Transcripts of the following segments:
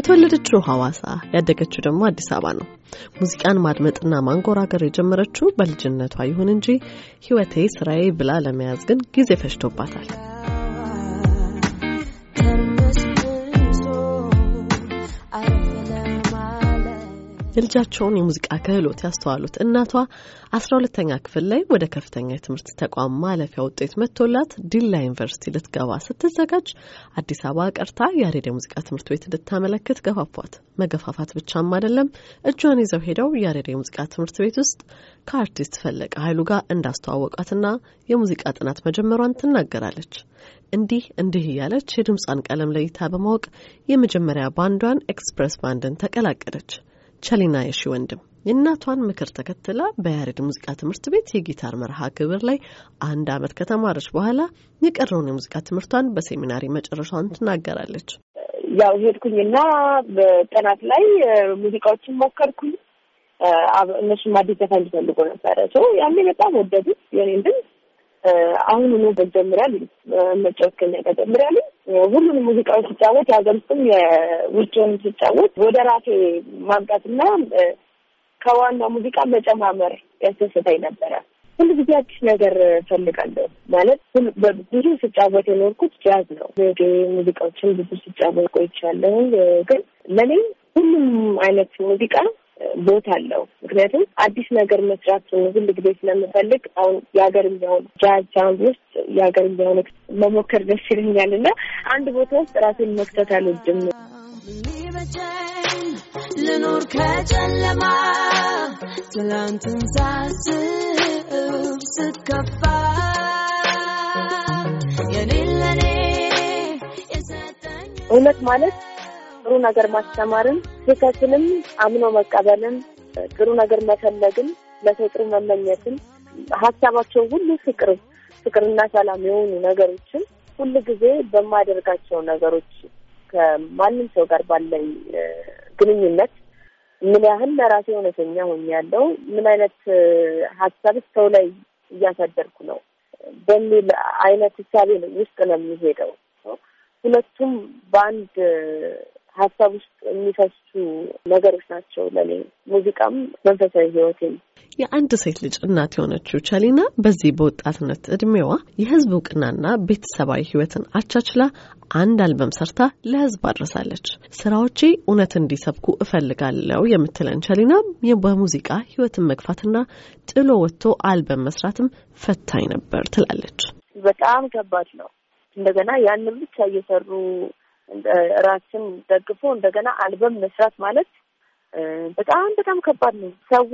የተወለደችው ሐዋሳ ያደገችው ደግሞ አዲስ አበባ ነው። ሙዚቃን ማድመጥና ማንጎራገር የጀመረችው በልጅነቷ ይሁን እንጂ ሕይወቴ ስራዬ ብላ ለመያዝ ግን ጊዜ ፈጅቶባታል። የልጃቸውን የሙዚቃ ክህሎት ያስተዋሉት እናቷ አስራ ሁለተኛ ክፍል ላይ ወደ ከፍተኛ የትምህርት ተቋም ማለፊያ ውጤት መጥቶላት ዲላ ዩኒቨርሲቲ ልትገባ ስትዘጋጅ አዲስ አበባ ቀርታ ያሬድ የሙዚቃ ትምህርት ቤት እንድታመለክት ገፋፏት። መገፋፋት ብቻም አይደለም፣ እጇን ይዘው ሄደው ያሬድ የሙዚቃ ትምህርት ቤት ውስጥ ከአርቲስት ፈለቀ ኃይሉ ጋር እንዳስተዋወቋትና የሙዚቃ ጥናት መጀመሯን ትናገራለች። እንዲህ እንዲህ እያለች የድምጿን ቀለም ለይታ በማወቅ የመጀመሪያ ባንዷን ኤክስፕሬስ ባንድን ተቀላቀለች። ቸሊና የሺ ወንድም የእናቷን ምክር ተከትላ በያሬድ ሙዚቃ ትምህርት ቤት የጊታር መርሃ ግብር ላይ አንድ አመት ከተማረች በኋላ የቀረውን የሙዚቃ ትምህርቷን በሴሚናሪ መጨረሻዋን ትናገራለች። ያው ሄድኩኝና በጥናት ላይ ሙዚቃዎችን ሞከርኩኝ። እነሱም አዲስ ዘፋኝ ነበረ። ያኔ በጣም ወደዱት የኔን ድምፅ አሁን ነው ተጀምሪያል መጫወት ተጀምሪያል። ሁሉንም ሙዚቃዎች ሲጫወት የሀገር ውስጥም የውጭውን ሲጫወት ወደ ራሴ ማምጣትና ከዋና ሙዚቃ መጨማመር ያስደስታኝ ነበረ። ሁሉ ጊዜ አዲስ ነገር ፈልጋለሁ። ማለት ብዙ ስጫወት የኖርኩት ጃዝ ነው። ሙዚቃዎችን ብዙ ስጫወት ቆይቻለሁ። ግን ለኔ ሁሉም አይነት ሙዚቃ ቦታ አለው። ምክንያቱም አዲስ ነገር መስራት ሁል ጊዜ ስለምፈልግ አሁን የሀገር የሚሆን ጃዝ ጃንግ ውስጥ የሀገር የሚሆን መሞከር ደስ ይለኛል እና አንድ ቦታ ውስጥ ራሴን መክተት አልወድም። ልኖር ከጨለማ ትላንትን ሳስብ ስከፋ የኔ ለኔ እውነት ማለት ጥሩ ነገር ማስተማርን፣ ስህተትንም አምኖ መቀበልን፣ ጥሩ ነገር መፈለግን፣ ለሰው ጥሩ መመኘትን፣ ሀሳባቸው ሁሉ ፍቅር ፍቅርና ሰላም የሆኑ ነገሮችን ሁል ጊዜ በማደርጋቸው ነገሮች ከማንም ሰው ጋር ባለኝ ግንኙነት ምን ያህል ለራሴ እውነተኛ ሆኛለሁ፣ ምን አይነት ሀሳብ ሰው ላይ እያሳደርኩ ነው በሚል አይነት ህሳቤ ውስጥ ነው የሚሄደው። ሁለቱም በአንድ ሀሳብ ውስጥ የሚፈሱ ነገሮች ናቸው ለኔ ሙዚቃም መንፈሳዊ ህይወቴ ነው። የአንድ ሴት ልጅ እናት የሆነችው ቻሊና በዚህ በወጣትነት እድሜዋ የህዝብ እውቅናና ቤተሰባዊ ህይወትን አቻችላ አንድ አልበም ሰርታ ለህዝብ አድረሳለች። ስራዎቼ እውነት እንዲሰብኩ እፈልጋለው የምትለን ቻሊና በሙዚቃ ህይወትን መግፋትና ጥሎ ወጥቶ አልበም መስራትም ፈታኝ ነበር ትላለች። በጣም ከባድ ነው። እንደገና ያንን ብቻ እየሰሩ ራስን ደግፎ እንደገና አልበም መስራት ማለት በጣም በጣም ከባድ ነው። ሰው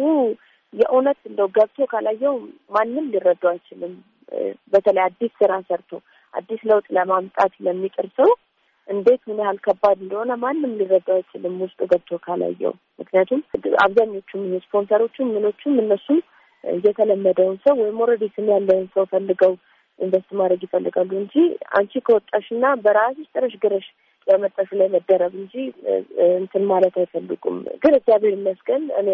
የእውነት እንደው ገብቶ ካላየው ማንም ሊረዳው አይችልም። በተለይ አዲስ ስራ ሰርቶ አዲስ ለውጥ ለማምጣት ለሚጥር ሰው እንዴት ምን ያህል ከባድ እንደሆነ ማንም ሊረዳው አይችልም ውስጡ ገብቶ ካላየው። ምክንያቱም አብዛኞቹም ስፖንሰሮቹም ምኖቹም እነሱም የተለመደውን ሰው ወይም ኦልሬዲ ስም ያለውን ሰው ፈልገው ኢንቨስት ማድረግ ይፈልጋሉ እንጂ አንቺ ከወጣሽና በራስሽ ጥረሽ ግረሽ በመጠፍ ላይ መደረብ እንጂ እንትን ማለት አይፈልጉም። ግን እግዚአብሔር ይመስገን እኔ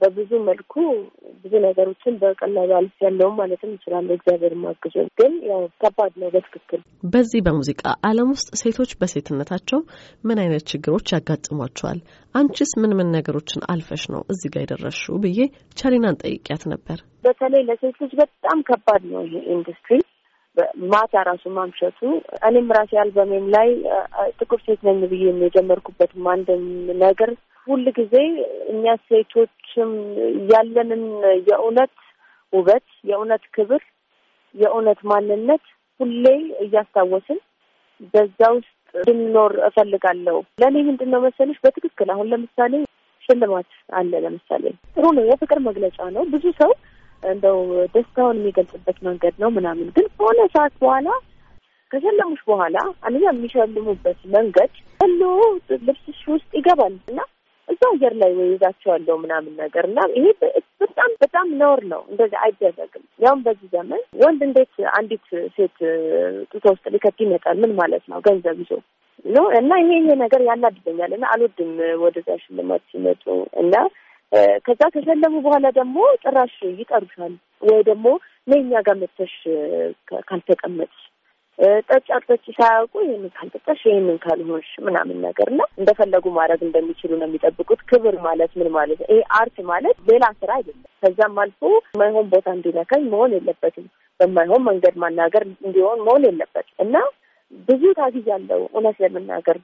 በብዙ መልኩ ብዙ ነገሮችን በቀላሉ አልፍ ያለውም ማለትም እችላለሁ። እግዚአብሔር ማግዞ ግን ያው ከባድ ነው በትክክል። በዚህ በሙዚቃ ዓለም ውስጥ ሴቶች በሴትነታቸው ምን አይነት ችግሮች ያጋጥሟቸዋል? አንቺስ ምን ምን ነገሮችን አልፈሽ ነው እዚህ ጋር የደረስሽው? ብዬ ቸሪናን ጠይቂያት ነበር። በተለይ ለሴት ልጅ በጣም ከባድ ነው ይሄ ኢንዱስትሪ ማታ ራሱ ማምሸቱ እኔም ራሴ አልበሜም ላይ ጥቁር ሴት ነኝ ብዬ የጀመርኩበትም አንድም ነገር ሁል ጊዜ እኛ ሴቶችም ያለንን የእውነት ውበት፣ የእውነት ክብር፣ የእውነት ማንነት ሁሌ እያስታወስን በዛ ውስጥ እንድንኖር እፈልጋለሁ። ለእኔ ምንድን ነው መሰለሽ በትክክል አሁን ለምሳሌ ሽልማት አለ። ለምሳሌ ጥሩ ነው፣ የፍቅር መግለጫ ነው። ብዙ ሰው እንደው ደስታውን የሚገልጽበት መንገድ ነው ምናምን። ግን ከሆነ ሰዓት በኋላ ከሸለሙሽ በኋላ አንደኛ የሚሸልሙበት መንገድ ሎ ልብስሽ ውስጥ ይገባል እና እዛ አየር ላይ ወይዛቸዋለሁ ምናምን ነገር እና ይሄ በጣም በጣም ነውር ነው። እንደዚህ አይደረግም። ያውም በዚህ ዘመን ወንድ እንዴት አንዲት ሴት ጡቶ ውስጥ ሊከት ይመጣል? ምን ማለት ነው? ገንዘብ ይዞ ነው እና ይሄ ይሄ ነገር ያናድደኛል እና አልወድም ወደዛ ሽልማት ሲመጡ እና ከዛ ከሸለሙ በኋላ ደግሞ ጭራሽ ይጠሩሻል ወይ ደግሞ ነይ ጋር መተሽ ካልተቀመጥሽ ጠጭ አርጠጭ ሳያውቁ ይህንን ካልጠጣሽ ይህንን ካልሆንሽ ምናምን ነገር እና እንደፈለጉ ማድረግ እንደሚችሉ ነው የሚጠብቁት። ክብር ማለት ምን ማለት ነው? ይሄ አርት ማለት ሌላ ስራ አይደለም። ከዛም አልፎ የማይሆን ቦታ እንዲነካኝ መሆን የለበትም። በማይሆን መንገድ ማናገር እንዲሆን መሆን የለበትም እና ብዙ ያለው እውነት ለመናገር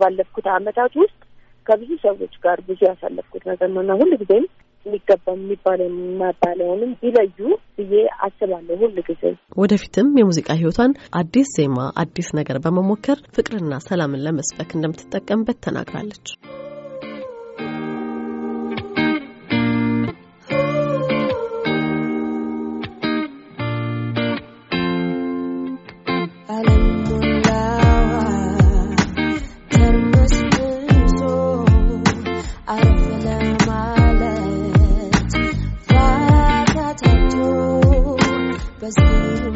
ባለፍኩት አመታት ውስጥ ከብዙ ሰዎች ጋር ብዙ ያሳለፍኩት ነገር ነው እና ጊዜም የሚገባ የሚባለው የማባለውንም ቢለዩ ብዬ አስባለሁ። ሁል ጊዜ ወደፊትም የሙዚቃ ህይወቷን አዲስ ዜማ፣ አዲስ ነገር በመሞከር ፍቅርና ሰላምን ለመስበክ እንደምትጠቀምበት ተናግራለች። Cause you